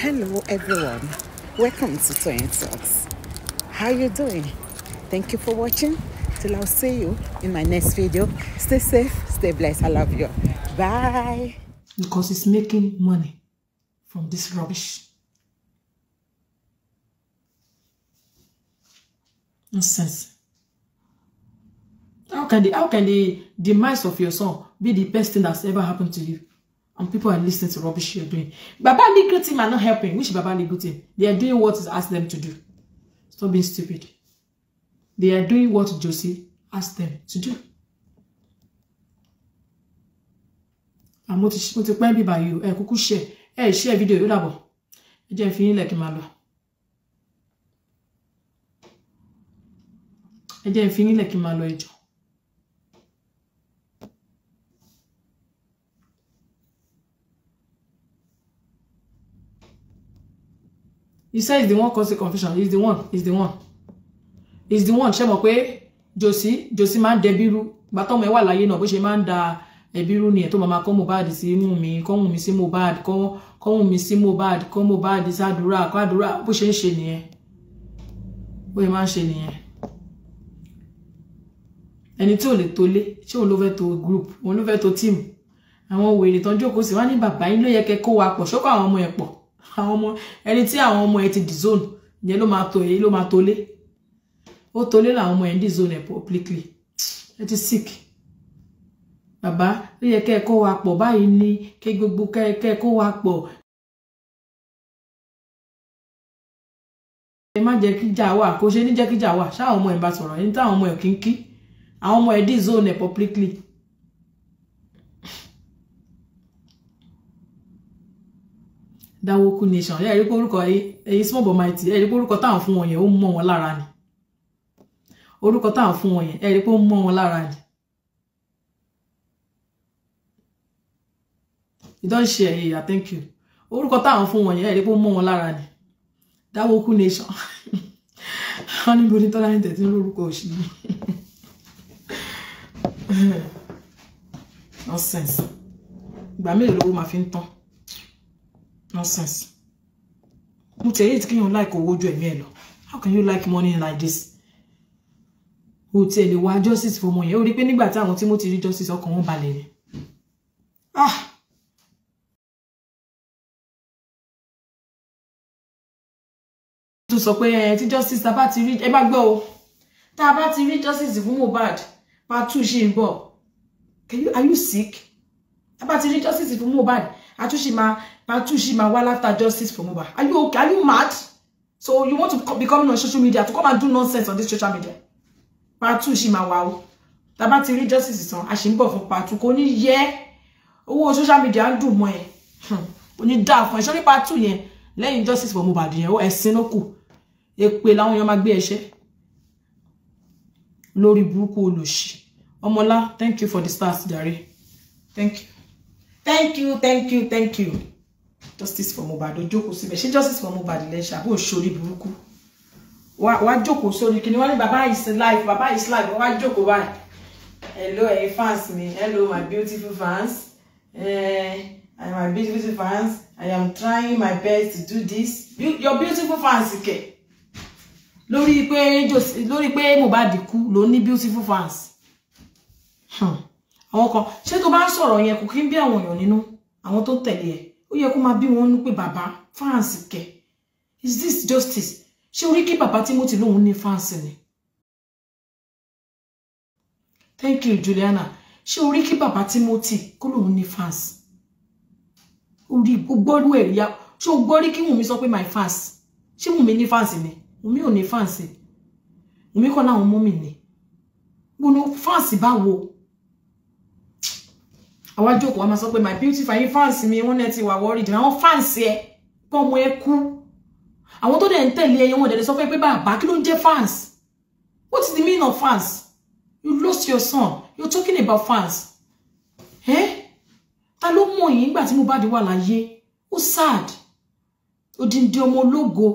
hello everyone welcome to Toyeen Talks how you doing thank you for watching till I'll see you in my next video stay safe stay blessed I love you bye because it's making money from this rubbish nonsense how can the how can the demise of your son be the best thing that's ever happened to you and people are listening to rubbish you're doing. Baba legal team are not helping. Which Baba legal team? They are doing what is asked them to do. Stop being stupid. They are doing what Josie asked them to do. I'm mo ti pẹ́ bíbá yìí ẹ kúkú ṣe ẹ ṣe share. yóò dàbọ̀ ẹ jẹ́ fi yín lẹ̀ kí n máa lọ. ẹ jẹ́ fi yín lẹ̀ you say it's the one cause the confusion it's the one it's the one it's the one ṣe mọ̀ pé josi josi máa ń dẹ bírú gbàtọ́mọ ẹ wà láyé náà bó ṣe máa ń da ẹbírú nìyẹn tó máa máa kọ́ Mohbad sí mú mi kọ́ mú mi sí Mohbad kọ́ mú mi sí Mohbad kọ́ Mohbad sádùúrà kọ́ àdúrà bó ṣe ń ṣe nìyẹn bó ṣe máa ń ṣe nìyẹn ẹni tí ò lè to lé ṣé òun ló fẹ́ to group òun ló fẹ́ to team àwọn wèrè tán jókòó sí wá ní bàbá yín ló yẹ kẹ́ kó wa pọ̀ ṣókò àwọn ọmọ ẹ̀ pọ̀ àwọn ọmọ ẹni tí àwọn ọmọ ẹ ti dizone ìyẹn ló máa tó èyí ló máa tó lé ó tó lé làwọn ọmọ ẹ ń dizone ẹ publicly ẹ ti sick bàbá ló yẹ kẹ́ ẹ kó wa pọ̀ báyìí ni kí gbogbo kẹ́ ẹ kó wa pọ̀ ẹ má jẹ́ kíjà wà kó ṣe ní jẹ́ kíjà wà ṣáà àwọn ọmọ ẹ bá sọ̀rọ̀ ẹni táwọn ọmọ ẹ kì í kí àwọn ọmọ ẹ dizone ẹ publicly. Dawoku Nation ẹ rí pé orúkọ ẹyin small but mighty ẹ rí pé orúkọ táwọn fún wọn yẹn ó mọ wọn lára ni orúkọ táwọn fún wọn yẹn ẹ pé ó mọ wọn lára ni you don share here yeah, thank you orúkọ táwọn fún wọn yẹn ẹ rí pé ó mọ wọn lára ni Dawoku Nation wọn níbi onítọ́lá ní tẹ̀sí lórúkọ òṣì nonsense ìgbà mélòó lówó máa fi ń tán nonsense mo tẹ̀ yéé tí kéèyàn like owó ju ẹ̀mí ẹ̀ how can you like money like this o tiẹ̀ lè wá justice for money? ó rí i pé nígbà táwọn tí mo ti rí justice ọkàn wọn Bale? ni ah tún sọ pé justice tá a bá ti rí ẹ bá gbọ́ o tá a bá ti rí justice fún Mohbad part two ṣì ń can you are you sick tá a bá ti rí justice fún Mohbad àtúnṣe máa àtúnṣe máa wá láfta justice for Mohbad are you okay are you mad so you want to be coming on social media to come and do nonsense on this social media part two ṣì máa wà o tá bá ti rí justice san a ṣì ń bọ̀ fún part two social media ń dùn mọ́ ẹ hmm. kò ní dáa fún ẹ sórí part two yẹn lẹ́yìn justice for Mohbad yẹn ó ẹ̀sìn ló kù èpè on èèyàn máa gbé ẹṣẹ́ lórí burúkú olòṣì thank you for the stars Dari. thank you thank you thank you thank you justice for Mohbad ó jókòó síbẹ̀ justice for Mohbad lẹ́ ṣàbò ìṣòrí burúkú wá jókòó Joko? kí ni wọ́n ní Baba is life Baba is life wá Joko báyìí hello ẹ̀yin fans me. hello my beautiful fans Eh, I my beautiful fans I am trying my best to do this your beautiful fans kẹ lórí pé lórí pé Mohbad kú ló ní beautiful fans. Huh. Hmm àwọn kan ṣé tó bá ń sọ̀rọ̀ yẹn kò kí ń bí àwọn èèyàn nínú àwọn tó tẹ̀lé ẹ̀ ó yẹ kó máa bí wọn nú pé bàbá fáǹsì kẹ̀ is this justice ṣé orí kí bàbá Timothy lòun ní fáǹsì ni. thank you Juliana ṣé orí kí bàbá Timothy kó lòun ní fáǹsì orí gbọ́dọ̀ ẹ̀ ya ṣé o gbọ́ rí kí Wùnmí sọ pé my fans ṣé Wùnmí ní fans ni Wùnmí ò ní fans Wùnmí kọ́ láwọn mọ́mì ni gbọ́dọ̀ fans báwo àwa jókòó wa máa sọ with my beautiful yín fans mi wọ́n náà ti wà wọ́ọ̀rì jù àwọn fans ẹ kọ́ ọmọ ẹ kú tó tell you, you ẹyẹ wọn dẹ̀ sọ pé bàbá kí ló ń fans what is the meaning of fans you lost your son you're talking about fans ẹ ta ló mọ̀ yín nígbà tí mo bá di wà láyé ó sad odindi ọmọ logo.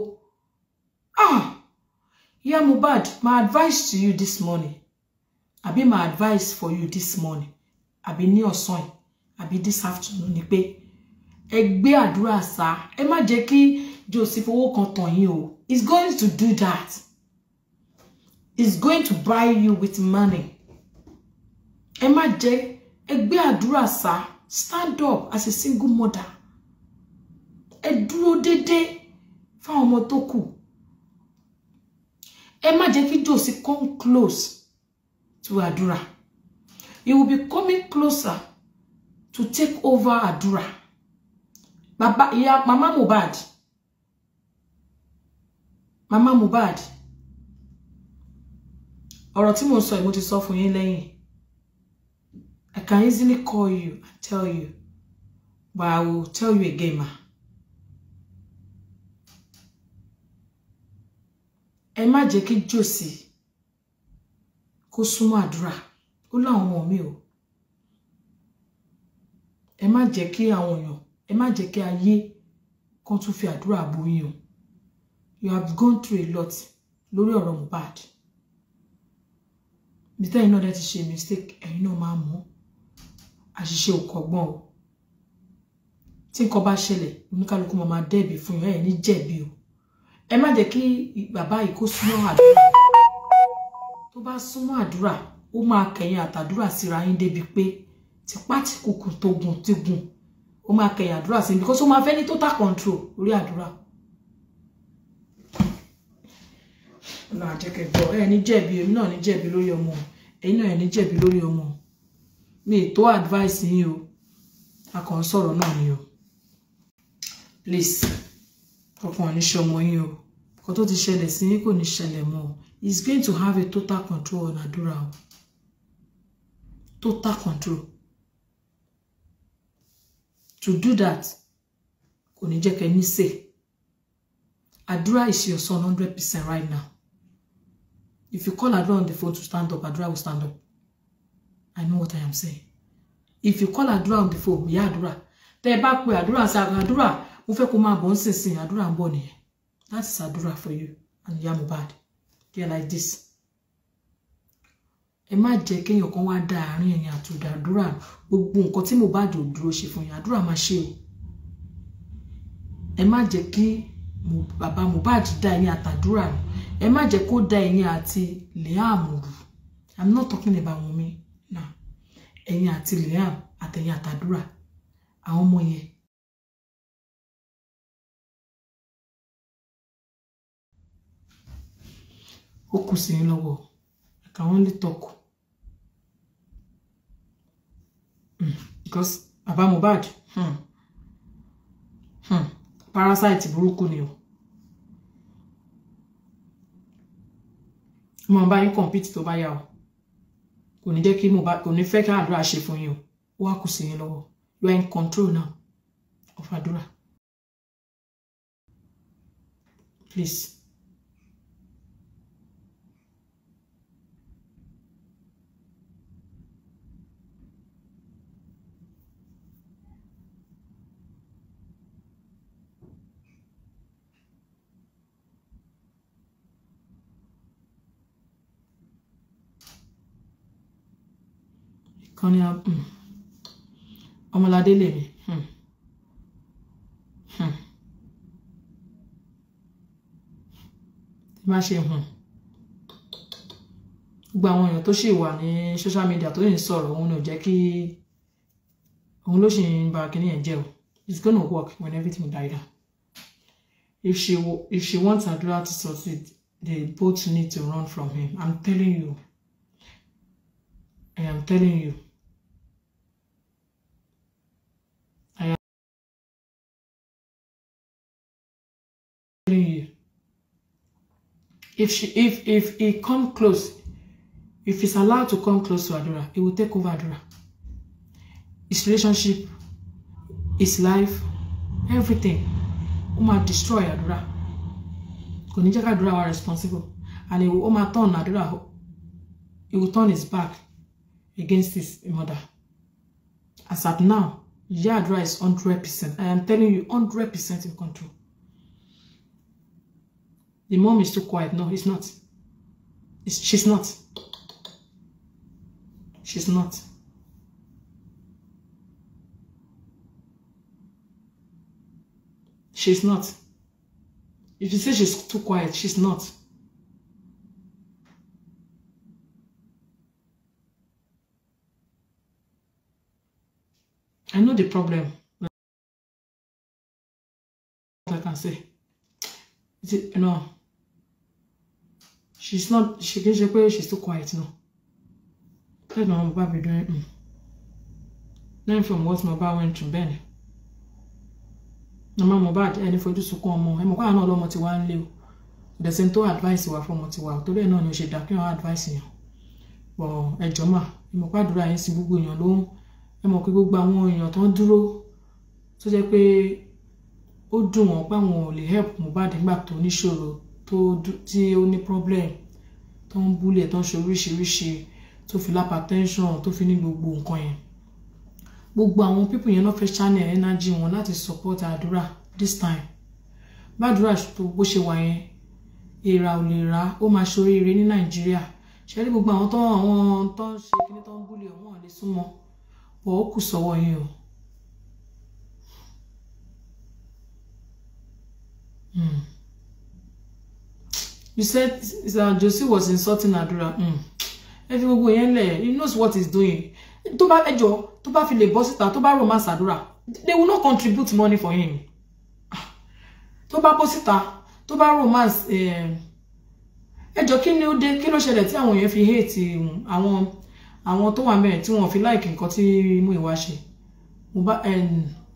ah ìyá Mohbad my advice to you this morning I be my advice for you this morning àbí ní ọ̀sán yìí àbí this afternoon ni pé ẹ gbé àdúrà sá ẹ má jẹ́ kí Joseph owó kan tàn yín o he's going to do that he's going to buy you with money ẹ má jẹ́ ẹ gbé àdúrà sá stand up as a single mother ẹ dúró déédéé fa ọmọ tó kù ẹ má jẹ́ kí Joseph come close to àdúrà. you will be coming closer to take over Adura. Baba, yeah, Mama Mubad, Mama Mubad. ọ̀rọ̀ tí mo sọ yìí mo ti sọ fún I can easily call you and tell you but I will tell you again ma. Emma Jackie Josie, kí jòsì kó ó láwọn ọmọ mi o ẹ má jẹ́ kí àwọn èèyàn ẹ má jẹ́ kí ayé kan tún fi àdúrà bo yín o you have gone through a lot lórí ọ̀rọ̀ Mohbad mr iná dẹ ti ṣe mistake ẹ̀yin náà máa mú àṣìṣe òkọ̀gbọ́n o tí nǹkan bá ṣẹlẹ̀ oníkálukú máa máa dẹ́bi fún yín ẹ̀ ní jẹ̀bi o ẹ má jẹ́ kí bàbá yìí kó súnmọ́ àdúrà tó bá súnmọ́ àdúrà ó máa kẹ̀yìn àtàdúrà síra yín débi pé tipá tí kùkù tó gùn ti gùn ó máa kẹ̀yìn àdúrà sí because ó máa fẹ́ ní total control lórí àdúrà. ọ̀nà àjẹkẹ̀gbọ́ ẹ ní jẹ̀bi èmi náà ní jẹ̀bi lórí ọmọ ẹ̀yin náà ẹ̀ ní jẹ̀bi lórí ọmọ mi ètò advice yín o a kàn ń sọ̀rọ̀ náà ni o please ọkàn ní ṣọmọ yín o nǹkan tó ti ṣẹlẹ̀ sí yín kò ní ṣẹlẹ̀ mọ́ o he is going to have a total control on àdúrà o total control to do that kò ní jẹ́ kẹ́ ní sè àdúrà is your son hundred percent right now if you call Adura on the phone to stand up Adura will stand up I know what I am saying if you call Adura on the phone yeah, Adura, tẹ ẹ bá pe àdúrà sí àdúrà mo fẹ́ kó máa bọ̀ ń sìn sìn àdúrà ń bọ̀ nìyẹn that is àdúrà for you and ìyá Mohbad they are like this ẹ má jẹ́ kéèyàn kan wá da àárín ẹ̀yin àtòdà gbogbo nǹkan tí Mohbad ò dúró ṣe fún yín àdúrà máa ṣe o ẹ má jẹ́ kí bàbá Mohbad da ẹ̀yin àtàdúrà nù ẹ má jẹ́ kó da ẹ̀yin àti Liam rù i'm not talking about Wunmi now ẹ̀yin àti Liam àtẹ̀yin àtàdúrà àwọn ọmọ yẹn ó kù sí yín lọ́wọ́ I can only because bàbá Mohbad hmm. hmm. parasite burúkú ni o mo bá yín compete tó bá yá o kò ní jẹ́ kí Mohbad kò ní fẹ́ kí àdúrà ṣe fún yín o ó wà kù sí yín lọ́wọ́ you are in control now of àdúrà please. kan ní hmm. ọmọládé lèmi tí hmm. hmm. má ṣe hùn gbogbo àwọn èèyàn tó ṣì wà ní social media tó yìí ń sọ̀rọ̀ òun ló jẹ́ kí òun ló ṣì ń ba kínní yẹn jẹ́ it's gonna work when everything died. down if she if she wants Adura to succeed they both need to run from him I'm telling you I am telling you If she, if if he come close, if he's allowed to come close to Adura, he will take over Adura. His relationship, his life, everything. Ó destroy Adura. Kò ní jẹ́ Adura responsible. And he will, ó turn Adura. He will turn his back against his mother. As at now, Yadra is 100%. I am telling you, 100% in control. The mom is too quiet. No, he's not. It's, she's not. She's not. She's not. If you say she's too quiet, she's not. I know the problem. That's I can say. no? She's not. She can she pray. She's too quiet no. Then no, my baby doing. Mm. Learn from what my mother went through. Then. Mama Mohbad ẹni fojú sunkún ọmọ ẹ mọ̀ káwọn náà lọ́mọ ti wá ń want you. ìdẹ̀sẹ̀ tó advice wa fọmọ ti wá o torí ẹ̀ náà ni o ṣe dà kí wọ́n advice yàn bọ̀ ẹ̀jọ́ mà ẹ mọ̀ pàdúrà yẹn sí gbogbo èèyàn lóhùn ẹ mọ̀ pé gbogbo àwọn èèyàn tó ń dúró tó jẹ́ ó dùn wọ́n pé àwọn ò lè help Mohbad nígbà tó níṣòro tó tí ó ní problem tó ń búlẹ̀ tó ń ṣe oríṣiríṣi tó fi lápá tension tó fi ní gbogbo nǹkan yẹn gbogbo àwọn pípù yẹn náà fẹ́ channel energy wọn láti support àdúrà this time bàdúrà tó bó ṣe wà yẹn èèrà ò lè rà ó máa ṣoríire ní nàìjíríà ṣẹlẹ gbogbo àwọn tó ń ṣe kíní tó ń búlẹ̀ wọn ò lè súnmọ́ bọ̀ ó kù sọ́wọ́ yín o. Mm. You said that Josie was insulting Adura. Mm. Ẹ fi gbogbo yẹn he knows what he's doing. Tó bá ẹjọ́, tó bá fi lè bọ́ síta, tó romance Adura, they will not contribute money for him. Ah. Tó bá bọ́ síta, tó bá romance eh, ẹjọ́ kí ni ó dé kí ló ṣẹlẹ̀ tí àwọn èèyàn fi hate àwọn àwọn tó wà mẹ́rin tí wọ́n fi like nǹkan tí mú ìwá ṣe. Mo bá eh,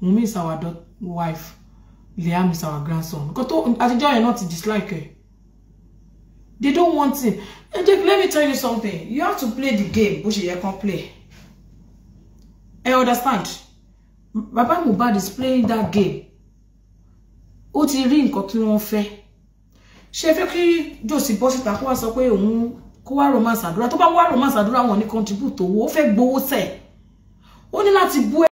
Wunmi is our wife. Liam is our grandson nǹkan tó àtijọ́ dislike ẹ̀ they don't want him ẹ let me tell you something you have to play the game bó ṣe can't play I understand baba Mubad is playing that game Oti ring rí nǹkan fe. She fe ṣe fẹ́ kí jòsì kwa síta kó wá sọ romance àdúrà tó bá wá romance àdúrà wọn contribute to ó fe gbowó se. Oni la ti bú